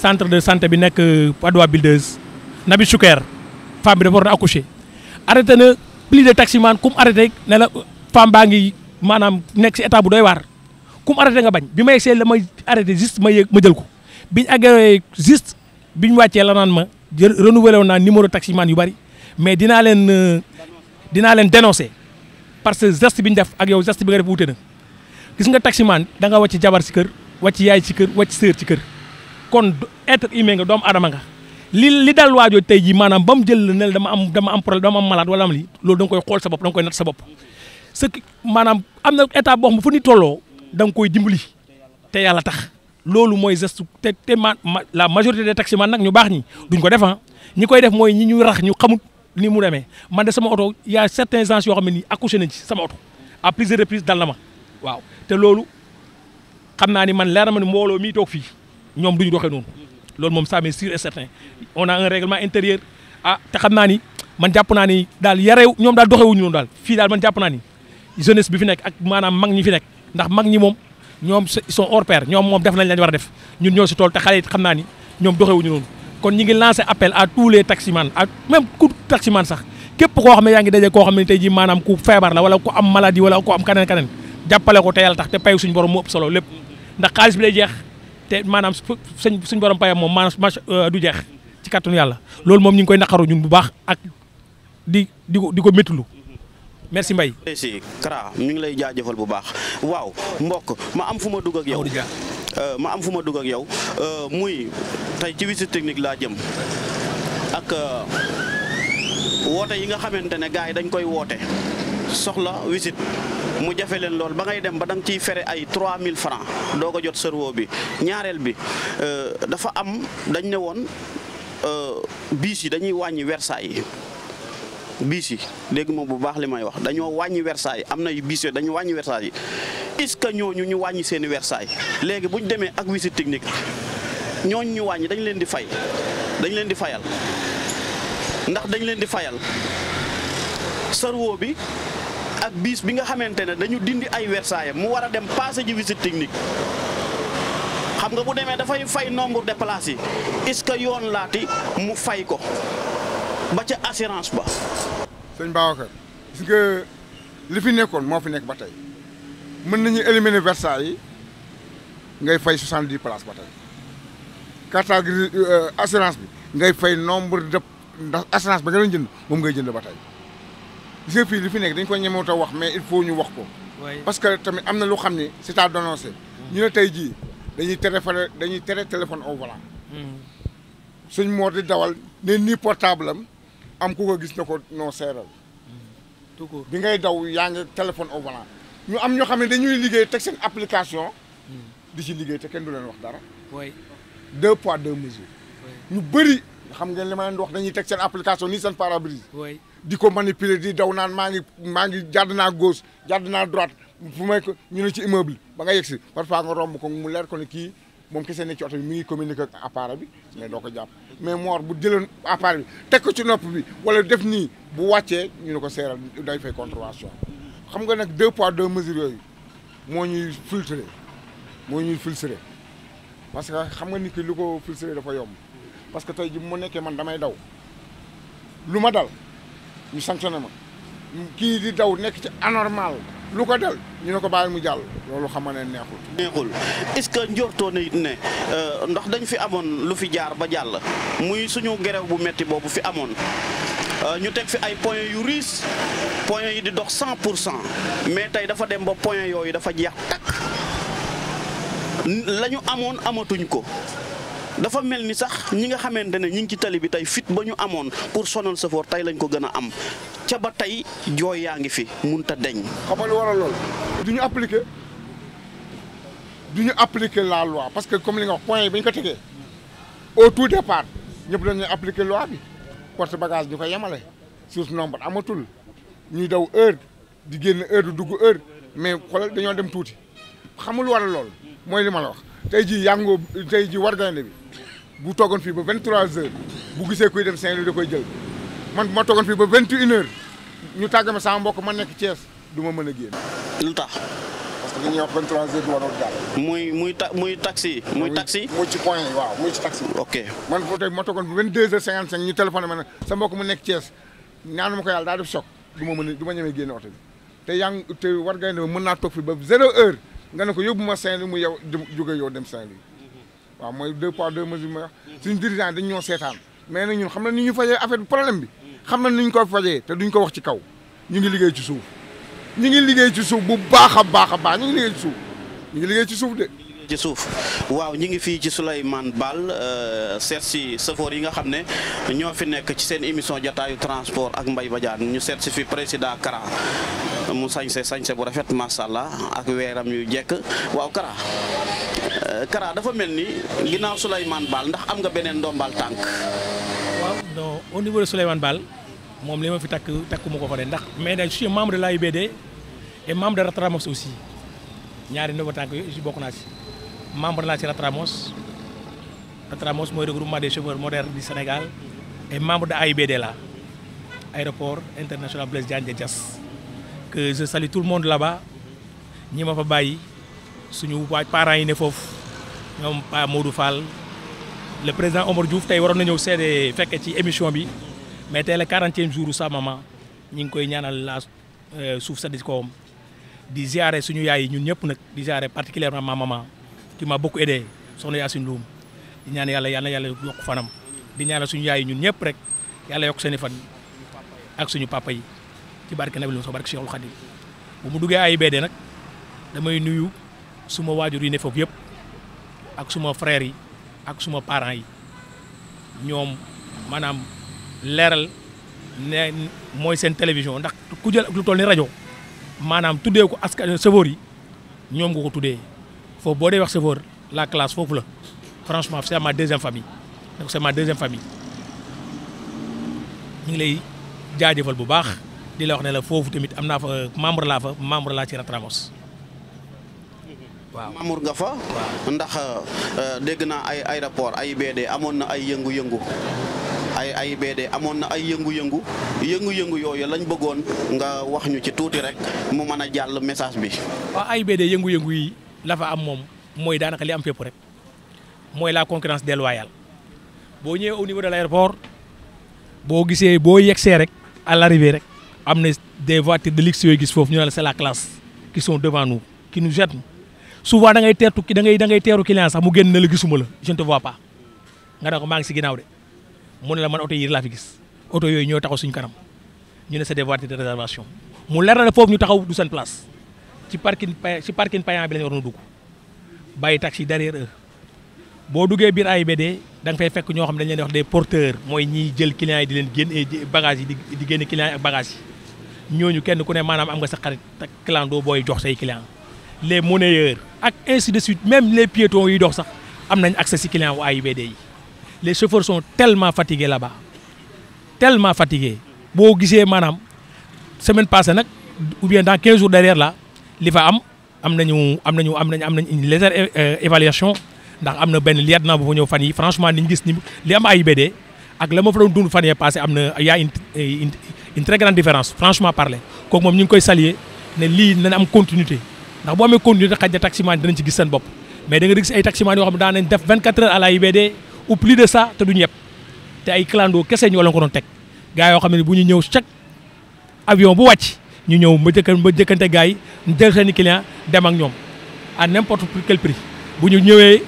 centre de santé bi nekk Patte euh, d'Oie Builders Nabi Choucair femme bi dafa war a accoucher arrêté na plus de taximan maan mu arrêté ne la euh, femme baa ngi maanaam nekk si état bu doy waar ku mu nga bañ bi ma yegsee la may arrêté juste ma yëg ma jël ko biñ agréé juste biñ wàccee la naan ma renouvelé woon naa numéro taximan yu bari mais dinaa leen dinaa leen dénoncé. parce que geste bi ñu def ak yow geste bi nga def wuute na gis nga taximaan da nga jabar si kër wàcc yaay ci kër wàcc sœur ci kër kon être humain nga doomu aadama nga li li dal waajoo tey jii maanaam ba mu jël la ne am dama am problème dama am malade wala am li loolu da nga koy xool sa bopp da koy nat sa bopp ce maanaam am na état boo xam ne fu ñu tolloo da nga koy dimbali te yàlla tax loolu mooy geste te te ma la majorité des taximans nag ñu baax ñi duñ ko def ah ñi koy def mooy ñi ñu rax ñu xamut ni mu demee man de sama oto y' a certains gens yoo xam ne nii accouché nañ ci sama oto à plusieurs reprises dal na waaw te loolu xam naa ni man leer na ma mbooloo mii toog fii ñoom du ñu doxee noonu loolu moom ça c'est sûr et certain on a un intérieur ah te xam naa ni man jàpp naa ni daal yare ñoom daal wuñu noonu daal fii daal man jàpp naa ni jeunesse bi fi nekk ak maanaam mag ñi fi nekk ndax mag ñi moom ñoom ils sont hors ñoom moom def nañ lañ war a def ñun ñoo si tool te xale xam naa ni ñoom doxewuñu noonu kon ñi ngi lancé appel à tous les taximan a même ku taximan sax képp koo xam ne yaa ngi daje koo xam ne tey jii maanaam ku feebar la wala ko am maladie wala ku am kaneen kaneen jàppale ko te yàlla tax te payu suñu borom moo ëpp solo lépp ndax xaalis bi day jeex te maanaam suñ suñu borom payam moom maanaam euh, du jeex ci kàttanu yàlla loolu moom ñu ngi koy naqaru ñun bu baax ak di di ko di ko méttulu merci Mbaye. si Kara ñu ngi lay jaajëfal bu baax waaw mbokk ma am fu ma dugg ak yow. Euh, ma am fu ma dugg ak yow euh, muy tey ci visite technique laa jëm ak euh, woote yi nga xamante ne gars yi dañ koy woote soxla visite mu jafe leen lool ba ngay dem ba da nga ciy fere ay 3000 francs doo ko jot serveur bi ñaareel bi dafa am dañ ne woon biis yi dañuy wàññi Versailles yi biis yi léegi moom bu baax li may wax dañoo wàññi wersaay am na yu biis yooyu dañu wàññi wersaay yi est-ce que ñooñu ñu wàññi seen i wersaay léegi bu ñu demee ak visite technique ñooñu ñu wàññi dañ leen di fay dañ leen di fayal ndax dañ leen di fayal sarwo bi ak biis bi nga xamante ne dañu dindi ay wersaayam mu war a dem passé ji visite technique xam nga bu demee dafay fay nombre de places yi est-ce que yoon laati mu fay ko ba ca assurance ba sëñ Babacar gis nga li fi nekkoon moo fi nekk ba tey mën nañu éliminer Versailles yi ngay fay soixante dix places ba tey catégorie euh, assurance bi ngay fay nombre dëpp ndax assurance ba nga doon jënd moom ngay jënd ba tey gis nga fii li fi nekk dañ ko ñemewut a wax mais il faut ñu wax ko. parce que tamit am na lu xam ne c'est à dénoncer. Mm. ñu ne tey jii dañuy fa dañuy tere téléphone au volant. Mm. suñ moo di dawal ne nii portable am. am ku ko gis na ko noo seeral tout bi ngay daw yaa ngi téléphone au volant ñu am ñoo xam ne dañuy liggéey teg seen application di ci liggéey te kenn du leen wax dara deux poids deux mesures ñu bëri xam ngeen li ma leen di wax dañuy teg seen application ni seen parabrise di ko manipuler di daw naan maa ngi maa ngi jàdd naa gauche jàdd naa droite fu may ko ñu ne ci immeuble ba nga yegg si parfois nga romb ko mu leer ko ne kii moom kese ne ci oto bi mi ngi communiqué ak appareil bi mais doo ko jàpp mais Mor bu jëloon appareil bi teg ko ci nopp bi wala def nii bu wàccee ñu ne ko seeral day fay contravention xam nga nag deux poids deux mesures yooyu moo ñuy filtré moo ñuy filtré parce que xam nga nit ki lu ko filtré dafa yomb parce que tey ji mu nekkee man damay daw lu ma dal ñu sanctionné ma kii di daw nekk ci anormal lu ko dal ñu ne ko bàyyi mu jàll loolu xam nga neexul. neexul est-ce que njortoo na it ne euh, ndox dañ fi amoon lu fi jaar ba jàll muy suñu grève bu metti boobu fi amoon. Euh, ñu teg fi ay points yu riis points yi di dox cent pour cent mais tey dafa dem ba points yooyu dafa jeex takk la ñu amoon amatuñ ko. dafa mel ni sax ñi nga xamante ne ñi ngi ci tali bi tey fit ba ñu amoon pour sonal safoor tey lañu ko gën a am ca ba tey jooy yaa ngi fi mënut a deñ. xam nga lu waral du ñu appliquer du appliquer la loi parce que comme li nga wax point yi ñu ko tegee au tout départ ñëpp dañuy appliquer loi bi porte bagage ñu ko yemale source nombre amatul ñuy daw heure di génn heure du dugg heure mais xoolal dañoo dem tuuti xam nga lu waral loolu mooy li ma la wax tey jii yàngu tey jii wargaande bi. bu toogoon fii ba 23 heures bu gisee kuy dem Saint-Louis da koy jël man bu ma toogoon fii ba 21 heures ñu tàggame sama mbokk ma nekk Thiès du ma mën a génn. lu tax. parce que li ñuy wax muy muy ta muy taxi. muy taxi muy ci waaw muy ci taxi. ok man bu tey bu ma toogoon ba 22 heures 55 nekk Thiès ñaanu ma ko yàlla daal def choc ma mën a du ma ñemee génn oto bi te yaa war nga ne mën naa toog ba 0 heure nga ne ko yóbbu ma Saint-Louis mu yow jóge yow dem Saint-Louis. waaw mooy deux poids deux mesures mooy wax dañ ñoo seetaan mais nag ñun xam na ni ñu fajee affaire problème bi xam na ni ñu ko fajee te duñ ko wax ci kaw ñu ngi liggéey ci suuf ñu ngi liggéey ci suuf bu baax a baax a baax ñu ngi liggéey ci suuf ñu ngi liggéey ci suuf de ci suuf waaw ñi ngi fii ci Souleymane Baal euh, seet si safoor yi nga xam ne ñoo fi nekk ci seen émission jataayu transport ak mbay Badiane ñu seet si fi président Kara mu sañse sañse bu rafet macha allah ak weeram yu jekk waaw Kara euh, Kara dafa mel ni ginnaaw Souleymane Baal ndax am nga beneen ndombal tànk waaw non au niveau de Souleymane Baal moom li ma fi takk takkuma ko fa de ndax mais nag je suis membre de l'AIBD et membre de Ratramos aussi ñaari ndombal tànk bokk naa si membre laa ci Ratramos Ratramos mooy regroupement des chauffeurs modernes du Sénégal membre de AIBD là aéroport international Blaise de Diass que je salue tout le monde là ñi ma fa bàyyi suñu waa parents yi ne foofu ñoom Pa Modou Fall le président Omar Diouf tey waroon na ñëw seede fekke ci émission bi mais tey le quarantième jour sa maman koy ñaanal la euh, suuf sa di kawam di ziare suñu yaay yi ñun ñëpp nag di ziare particulièrement ma maman tu ma beaucoup aidé soxna Yacine Loum di ñaan yàlla yàlla yàlla yokk fanam di ñaanal suñu yaay ñun ñëpp rek yàlla yokk seen i fan ak suñu papa yi ci barke Nabi Moussa barke Cheikhul Khadim bu mu duggee ay AIBD nag damay nuyu suma waajur yi ne foofu yëpp ak suma frères yi ak suma parent yi ñoom maanaam leeral ne mooy seen télévision ndax ku jël lu toll rajo maanaam tuddee ko askan savoor yi ñoom nga ko tuddee. foofu boo dee wax chauffeur la classe foofu la franchement ma deuxième famille donc c'est ma deuxième ngi lay jaajëfal bu baax di la wax ne la foofu tamit am naa fa membre laa fa membre laa ci Ratramos waaw Mamour nga fa ndax euh, euh, dégg naa ay aéroport AIBD amoon na ay yëngu-yëngu ay AIBD amoon na ay yëngu-yëngu yëngu-yëngu yooyu lañ bëggoon nga wax ñu ci tuuti rek mu mën a jàll message bi. waaw AIBD yëngu-yëngu yi. la am moom mooy daanaka li am fépp rek mooy la concurrence déloyale boo ñëwee au niveau de l' aéroport boo gisee boo yegsee rek à l' arrivée rek am na des voitures de luxe yooyu gis foofu ñu ne la c' est la classe qui sont devant nous qui nous da ngay da ngay teeru client mu génn na la gisuma la je ne te vois pas nga ne ko ngi si ginnaaw de mu ne la man oto yi laa fi gis oto yooyu ñoo taxaw suñu kanam ñu ne c' est des voitures de réservation mu leer na foofu ñu taxaw du seen place. ci parking ci parking payant bi la ñu waroon a dugg bàyyi taxi derrière eux boo duggee biir AIBD da nga fay fekk ñoo xam ne dañ leen di wax des porteurs mooy ñiy jël clients yi di leen génn bagages yi di génne clients yi ak bagages yi ñooñu kenn ku ne maanaam am nga sa xarit ak clando booy jox say clients les monnayeurs ak ainsi de suite même les yi dox sax am nañ accès si clients wu AIBD yi les chauffeurs sont tellement fatigués là-bas tellement boo gisee maanaam semaine passée nag ou bien dans 15 jours la li fa am am nañu am nañu am nañu am nañu une légère euh, euh, évaluation ndax am na benn lieutenant bu fa ñëw fan yi franchement niñ gis ni li am AIBD ak la ma fa doon dund fan yee passé am na y a une une grande différence franchement parler kooku moom ñu ngi koy saluer ne lii nañ am continuité ndax boo amee continuité xaj na taximaan dinañ ci gis seen bopp mais da nga gis ay taximaan yoo xam ne daan nañ def 24 heures à la AIBD ou plus de ça te duñ yëpp te ay clando ko doon teg gars yoo xam ne bu ñu ñëw chaque avion bu wàcc. ñu ñëw ba jëkk ba jëkkante gars yi jël seen i client dem ak ñoom à n'importe quel prix bu ñu ñëwee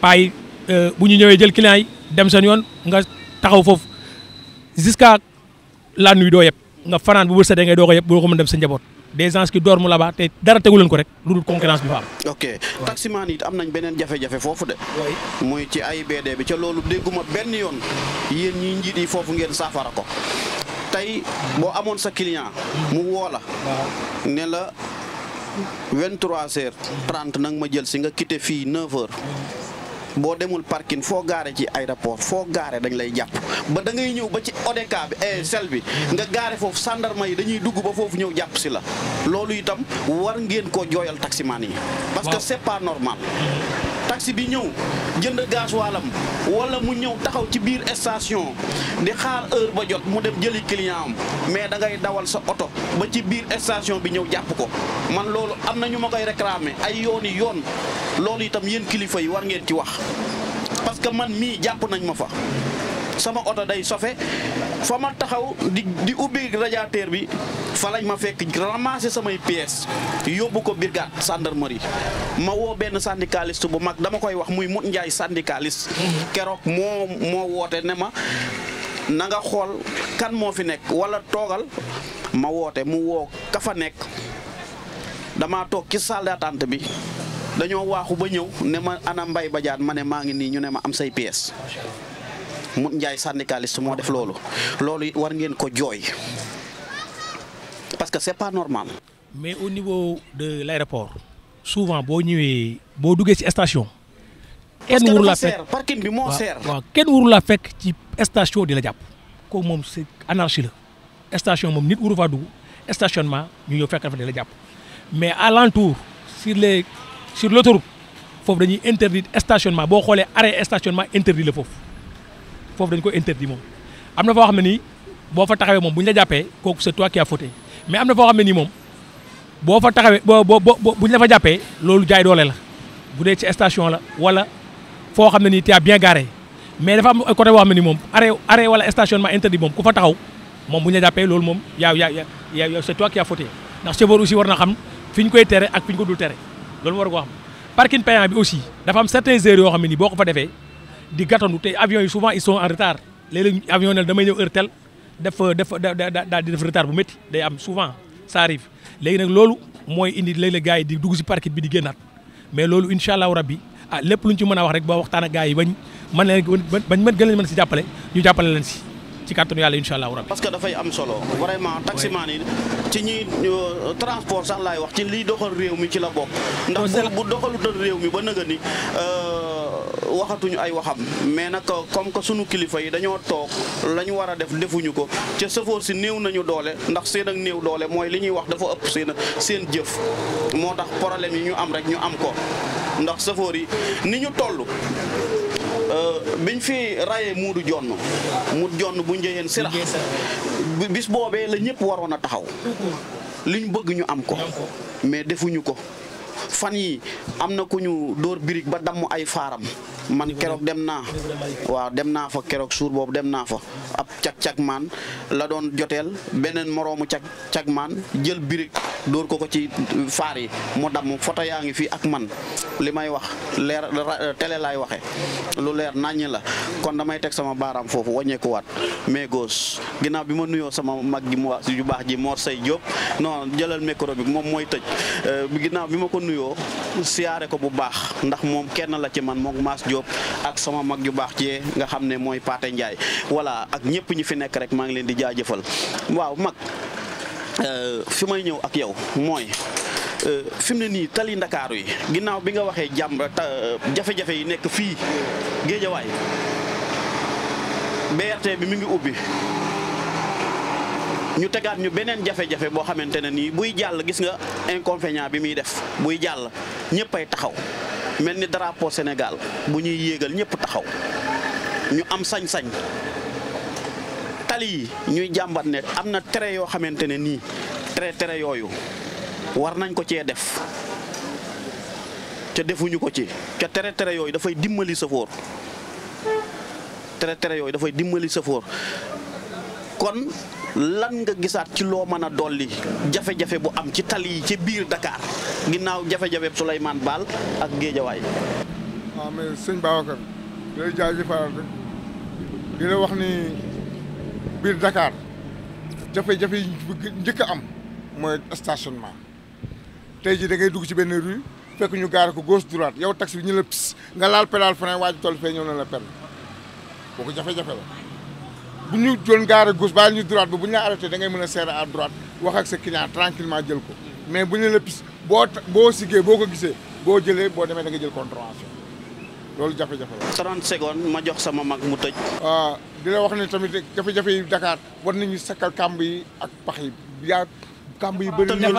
paay euh, bu ñu ñëwee jël client yi dem seen yoon nga taxaw foofu jusqu'à la nuit doo yëpp nga fanaan bu bët setee ngay doo ko yëpp boo ko mën dem sa njaboot des gens qui dorment là-bas te dara tegu leen ko rek lu dul concurrence bi fa am. ok taximaan it am nañ beneen jafe-jafe foofu de. mooy ci ay AIBD bi ca loolu dégguma benn yoon yéen ñi njiit yi foofu ngeen saafara ko. tey boo amoon sa client mu woo la ne la 23h30 ma jël si nga quitté fii 9h. boo demul parking foo gaare ci aéroport foo gaare dañ lay jàpp ba da ngay ñëw ba ci ODCAV bi e sel bi nga gaare foofu sàndarma yi dañuy dugg ba foofu ñëw jàpp si la loolu itam war ngeen koo jooyal taximaan yi parce que c'est pas normal taxi bi ñëw jënd gaz waalam wala mu ñëw taxaw ci biir station di xaar heure ba jot mu dem jëli client am mais da ngay dawal sa oto ba ci biir station bi ñëw jàpp ko man loolu am na ñu ma koy réclamer ay yooni yoon loolu itam yéen kilifa yi war ngeen ci wax parce que man mii jàpp nañ ma fa sama oto day sofe fa ma taxaw di di ubbi radiateur bi fa lañ ma fekk ramasser samay pièces yóbbu ko brigade gendarmerie ma woo benn syndicaliste bu mag dama koy wax muy Mut Njaay syndicaliste keroog moo moo woote ne ma nanga xool kan moo fi nekk wala toogal ma woote mu woo kafa nekk dama toog ci salle bi dañoo waaxu ba ñëw ne ma ana Mbaye Badiane ma ne maa ngi nii ñu ne ma am say pièces mu Ndiaye syndicaliste moo def loolu loolu war ngeen ko jooy parce que c'est pas normal. mais au niveau de l'aéroport souvent boo ñëwee boo duggee ci station. kenn wuru la fekk parking bi moo seer waaw la fekk ci station di la jàpp. kooku moom c'est anarchie la station moom nit wuru faa dugg stationnement ñu ñëw fekk di la jàpp mais alentour sur les. sur l'autoroute foofu dañuy interdit stationnement boo xoolee arrêt stationement interdit la foofu foofu dañ ko interdit moom am na foo xam ne nii boo fa taxawee moom bu ñu la jàppee kooku c'est toi qui mais am na foo xam ne nii moom boo fa taxawee boo boo bu ñu la jàppee loolu jaay doole la bu dee ci station la wala foo xam ne nii t'es bien garé mais dafa am côté boo xam ne nii moom arrêt arrêt wala stationnement interdit moom ku fa taxaw moom bu ñu la jàppee loolu moom yaa yaa yaa c'est toi qui as fauté ndax chauffeur aussi war na xam fi ñu koy tere ak fi ñu ko dul tere. loolu war ko xam parking payant bi aussi dafa am certaines heures yoo xam ne nii boo ko fa defee di gàttandu te avions yi souvent ils sont en retard léeg-léeg avion ne damay ñëw heure tel def def daal di def day am souvent ça arrive léegi loolu mooy indi léeg-léeg gars yi di dugg si parking bi di génnaat mais loolu incha allahu rabbi ah lépp lu ñu ci mën a waxtaan ak gars yi bañ mën leen bañ mën gën leen mën si jàppale ñu jàppale lañ si ci kàttanu yàlla incha allahu rabbi parce que dafay am solo vraiment taximaan yi ci ñi transport sax laay wax ci liy doxal réew mi ci la bokk ndax bu doxalutal réew mi ba nëga ni euh, waxatuñu ay waxam mais nag comme que sunu kilifa yi dañoo toog la ñu war a def defuñu ko ca sëfoor si néew nañu doole ndax seen ak néew doole mooy li ñuy wax dafa ëpp seen seen jëf moo tax problème yi ñu am rek ñu am ko ndax sëfoor yi ni ñu toll Euh, biñ fi rayee muudu jonn mu jonn bu njëyeen sirax bis boobee la ñëpp waroon a taxaw liñ bëgg ñu am ko mais defuñu ko fan yi am na ku ñu dóor birig ba damm ay faaram man keroog dem naa waaw dem naa fa keroog suur boobu dem naa fa ab cag-cag man la doon joteel beneen moroomu cag cag maan jël birig dóor ko ko ci faar yi mu foto yaa ngi fii ak man li may wax leer télé laay waxe lu leer naññ la kon damay teg sama baaraam foofu wàññeekuwaat mais gos ginnaaw bi ma nuyoo sama mag gi mu ju baax ji Mor Sey Diop non jëlal micro bi moom mooy tëj euh, ginnaaw bi ma ko nuyoo siyaare ko bu baax ndax moom kenn la ci man moom maas Diop ak sama mag ju baax jee nga xam ne mooy pate Ndiaye wala ak ñëpp ñi fi nekk rek maa ngi leen di jaajëfal waaw mag euh, fi may ñëw ak yow mooy euh, fi mu ne nii tali ndakaaru yi ginnaaw bi nga waxee jàmm euh, jafe-jafe yi nekk fii géejawaay BRT bi mu ngi ubbi ñu tegaat ñu beneen jafe-jafe boo xamante ne nii buy jàll gis nga inconvénient bi muy def buy jàll ñëppay taxaw mel ni drapeau Sénégal bu ñuy yéegal ñëpp taxaw ñu am sañ-sañ tali yi ñuy jàmbat ne am na tere yoo xamante ne nii tere tere yooyu war nañ ko cee def ca defuñu ko ci ca tere tere yooyu dafay dimbali safoor tere tere yooyu dafay dimbali safoor kon lan nga gisaat ci loo mën a dolli jafe-jafe bu am ci tali yi ci biir Dakar ginnaaw jafe-jafe Souleymane Baal ak Géejawaay. waaw mais sëñ Babacar di la wax ni biir Dakar jafe-jafe yi njëkk am mooy stationnement tey jii da ngay dugg ci benn rue fekk ñu gaare ko gauche droite yow taxi bi ñu la pis nga laal pédale frein waaju toll fee ñëw na la perle kooku jafe-jafe la. bu ñu doon gaare gauche baa ñu droite ba bu ñu la arrêté da ngay mën a serrer à droite wax ak sa client tranquillement jël ko mais bu ñu la boo boo boo siggee boo ko gisee boo jëlee boo demee da nga jël contravention loolu jafe-jafe la. 30 secondes ma jox sama mag mu tëj. di la wax ne tamit jafe-jafe yi Dakar war nañu sakkal kàmb yi ak pax yi yaa kàmb yi bëri ñu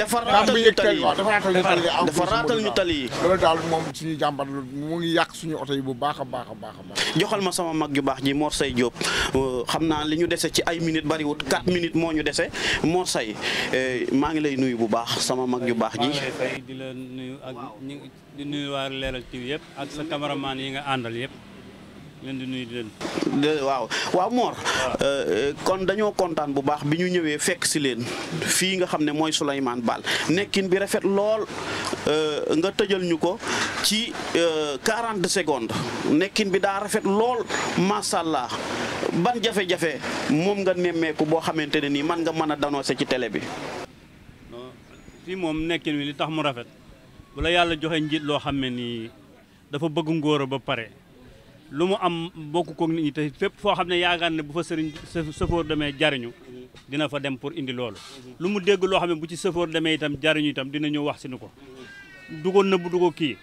defaratal ñu tali yi ñu tali daal moom suñu jàmbat mu ngi yàq suñu oto yi bu baax a baax a baax a baax joxal ma sama mag ju baax ji Mor Say Diop euh, xam naa li ñu dese ci ay minutes bariwut 4 minutes moo ñu dese Mor Say euh, maa ngi lay nuyu bu baax sama mag ju baax ji di la nuyu ak di nuyu waa Leral TV yëpp ak sa cameraman yi nga àndal yëpp leen di waaw waaw euh, euh, kon dañoo kontaan bu baax bi ñu ñëwee fekk si leen fii nga xam ne mooy Souleymane Baal nekkin bi rafet lool euh, nga tëjal ñu ko ci 40 secondes nekkin bi daa rafet lool macha allah ban jafe-jafe moom nga nemmeeku boo xamante ne nii man nga mën a danoose ci télé bi. fii moom nekkin bi li tax mu rafet bu la yàlla joxe njiit loo xam ne nii dafa bëgg ngóor ba pare. lu mu am bokk ko ni ñi te fépp foo xam ne yaakaar ne bu fa sëriñ sëfoor demee jariñu dina fa dem pour indi loolu lu mu dégg loo xam ne bu ci sëfoor demee itam jariñu itam dina ñëw wax si ko du ko nëbb du kii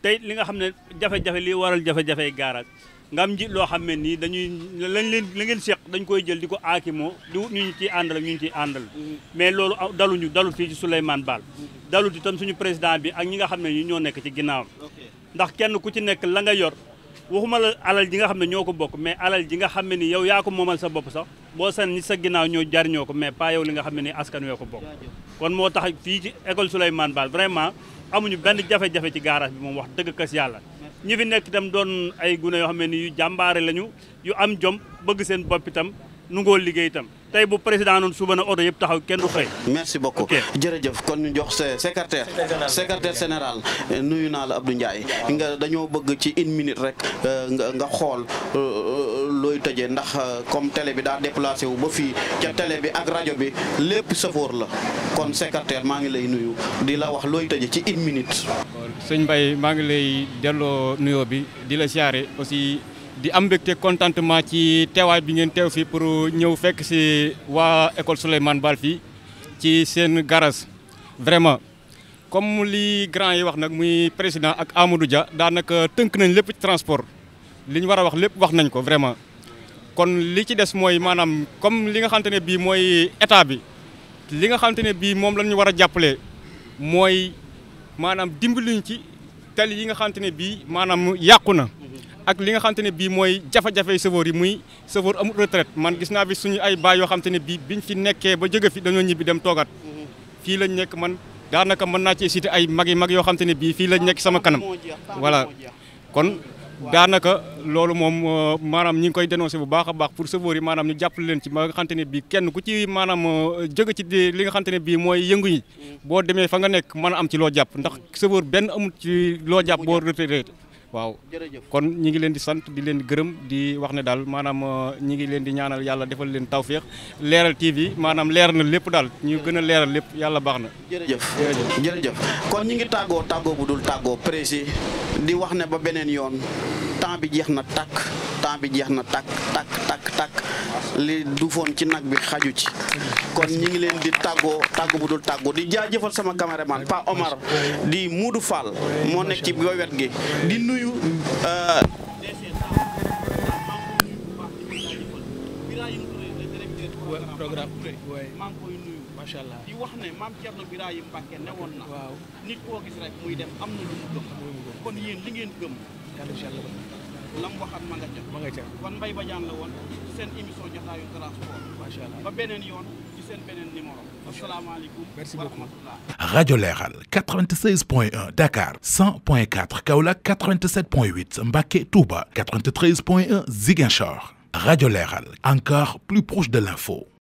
tey li nga xam ne jafe-jafe waral jafe-jafe gaaraas nga am njiit loo xam ne nii dañuy lañ leen la ngeen seq dañ koy jël di ko aakimoo di wut ñu ciy àndal ak ñu ciy àndal mais loolu daluñu dalut fii ci Souleymane Baal dalut itam suñu président bi ak ñi nga xam ne ñi ñoo nekk ci ginnaaw ndax kenn ku ci nekk la nga yor waxuma la alal ji nga xam ne ñoo ko bokk mais alal ji nga xam ne ni yow yaa ko moomal sa bopp sax boo san ni sa ginnaaw ñoo jariñoo ko mais pas yow li nga xam ne ni askan wee ko bokk kon moo tax fii ci école Souleymane Baal vraiment amuñu benn jafe-jafe ci garage bi moom wax dëgg kas yàlla ñi fi nekk itam doon ay gune yoo xam ne ni yu jàmbaare lañu yu am jom bëgg seen bopp itam nu ngoo liggéey itam tey bu président noonu suba na oto yëpp taxaw kenn du xëy. merci beaucoup jërëjëf kon ñu jox sa secrétaire. secrétaire général euh, nuyu naa la Abdou Ndiaye. nga dañoo bëgg ci une minute rek euh, nga nga xool euh, looy tëjee ndax comme télé bi daa déplacé wu ba fii ca télé bi ak rajo bi lépp safoor la kon secretaire maa ngi lay nuyu di la wax looy tëjee ci une minute. sëñ Mbaye maa ngi lay delloo nuyoo bi di la siyaare aussi. di am mbégte contentement ci teewaay bi ngeen teew fii pour ñëw fekk si waa école Souleymane Baal fii ci seen garage vraiment comme li grand yi wax nag muy président ak Amadou Dia daanaka tënk nañ lépp transport li ñu war a wax lépp wax nañ ko vraiment kon li ci des mooy maanaam comme li nga xamante ne bii mooy état bi li nga xamante ne bii moom la ñu war a jàppale mooy maanaam dimbaluñ ci tali yi nga xamante ne bii maanaam yàqu na ak li nga xamante ne bii mooy jafe-jafe chauffeur yi muy chauffeur amul retraite man gis naa fi suñu ay baa yoo xamante ne bii biñ fi nekkee ba jóge fi dañoo ñibbi dem toogaat fii lañ nekk man daanaka mën naa ci cité ay mag yi mag yoo xamante ne bii fii lañ nekk sama kanam voilà kon daanaka loolu moom euh, maanaam ñi ngi koy dénoncé bu baax a baax pour chauffeur yi maanaam ñu jàppale leen ci ba nga xamante bii kenn ku ci maanaam euh, jóge ci li nga xamante ne bii mooy yëngu yi mm. boo demee fa nga nekk mën a am ci loo jàpp ndax chauffeur benn amul ci loo jàpp boo retraité waaw kon ñi ngi leen di sant di leen gërëm di wax ne daal maanaam uh, ñi ngi leen di ñaanal yàlla defal leen tawféex leeral TV maanaam leer na lépp daal ñu gën a leeral lépp yàlla baax na. jërëjëf jërëjëf kon ñi ngi tàggoo tàggoo bu dul tàggoo précis di wax ne ba beneen yoon temps bi jeex na tàkk temps bi jeex na tàkk tàkk tàkk tàkk li duufoon ci nag bi xaju ci kon ñi ngi leen di tàggoo tàggu bu dul tàggoo di jaajëfal sama caméraman Pa Omar di Moodu Fall moo nekk ci wet gi di nuyu nuyu programme waaye maa ngi koy nuyu macha allah di wax ne maam Thierno Birahim Mbacke newoon na waaw nit koo gis rek muy dem am na lu mu gëm kon yéen li ngeen gëm yàlla incha ma nga ca ma nga kon Mbaye Badiane la woon seen émission jotaayu transport macha allah ba beneen yoon ci seen beneen numéro asalaamaaleykum merci beaucoup rajo Leeral 96 point 1 Dakar 100 point 4 Kaolack 87 point 8 Touba 93 point 1 rajo Leeral encore plus proche de l'info